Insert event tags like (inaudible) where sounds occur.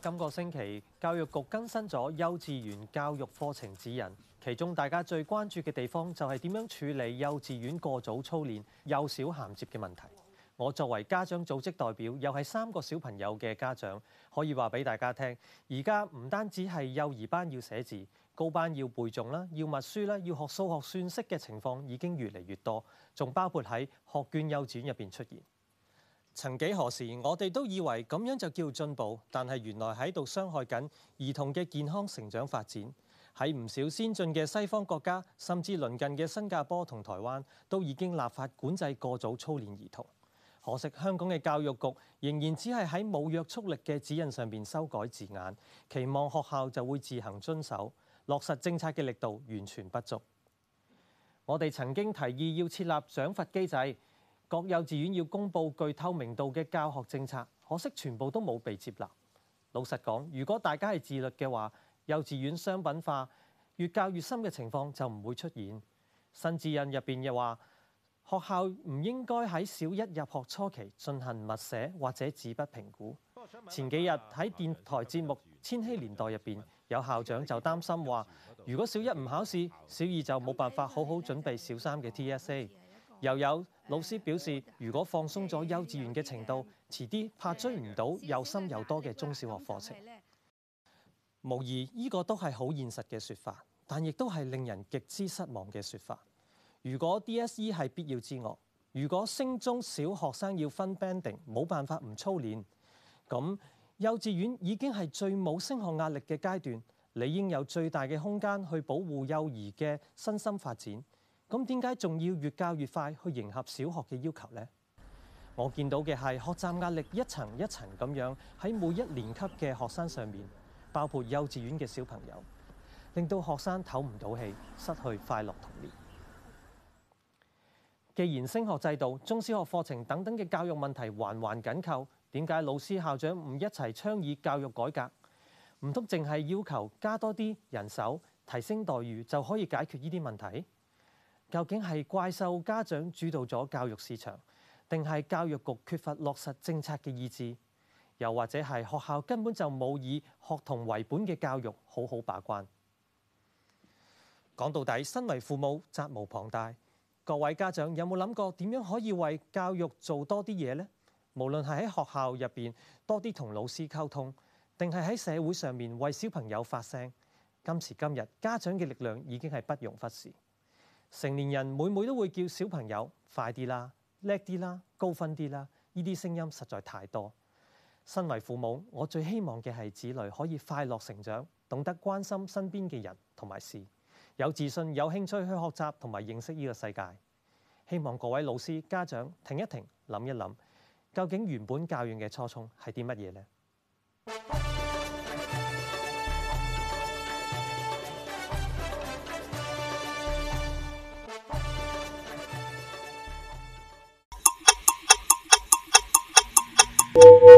今個星期，教育局更新咗幼稚園教育課程指引，其中大家最關注嘅地方就係點樣處理幼稚園過早操練幼小銜接嘅問題。我作為家長組織代表，又係三個小朋友嘅家長，可以話俾大家聽。而家唔單止係幼兒班要寫字，高班要背誦啦，要默書啦，要學數學算式嘅情況已經越嚟越多，仲包括喺學券幼稚園入面出現。曾幾何時，我哋都以為咁樣就叫進步，但係原來喺度傷害緊兒童嘅健康成長發展。喺唔少先進嘅西方國家，甚至鄰近嘅新加坡同台灣，都已經立法管制過早操練兒童。可惜香港嘅教育局仍然只係喺冇約束力嘅指引上邊修改字眼，期望學校就會自行遵守，落實政策嘅力度完全不足。我哋曾經提議要設立獎罰機制，各幼稚園要公布具透明度嘅教學政策，可惜全部都冇被接納。老實講，如果大家係自律嘅話，幼稚園商品化越教越深嘅情況就唔會出現。新指引入邊又話。學校唔應該喺小一入學初期進行默寫或者字筆評估。前幾日喺電台節目《千禧年代》入面，有校長就擔心話，如果小一唔考試，小二就冇辦法好好準備小三嘅 TSA。又有老師表示，如果放鬆咗幼稚園嘅程度，遲啲怕追唔到又深又多嘅中小學課程無。無疑呢個都係好現實嘅說法，但亦都係令人極之失望嘅說法。如果 DSE 係必要之惡，如果升中小學生要分 banding，冇辦法唔操練，咁幼稚園已經係最冇升學壓力嘅階段，理應有最大嘅空間去保護幼兒嘅身心發展。咁點解仲要越教越快去迎合小學嘅要求呢？我見到嘅係學習壓力一層一層咁樣喺每一年級嘅學生上面，包括幼稚園嘅小朋友，令到學生唞唔到氣，失去快樂童年。既然升學制度、中小學課程等等嘅教育問題環環緊扣，點解老師、校長唔一齊倡議教育改革？唔通淨係要求加多啲人手、提升待遇就可以解決呢啲問題？究竟係怪獸家長主導咗教育市場，定係教育局缺乏落實政策嘅意志，又或者係學校根本就冇以學童為本嘅教育好好把關？講到底，身為父母，責無旁貸。各位家長有冇諗過點樣可以為教育做多啲嘢呢？無論係喺學校入面多啲同老師溝通，定係喺社會上面為小朋友發聲。今時今日，家長嘅力量已經係不容忽視。成年人每每都會叫小朋友快啲啦、叻啲啦、高分啲啦，呢啲聲音實在太多。身為父母，我最希望嘅係子女可以快樂成長，懂得關心身邊嘅人同埋事。有自信、有興趣去學習同埋認識呢個世界，希望各位老師、家長停一停、諗一諗，究竟原本教員嘅初衷係啲乜嘢呢？ (music)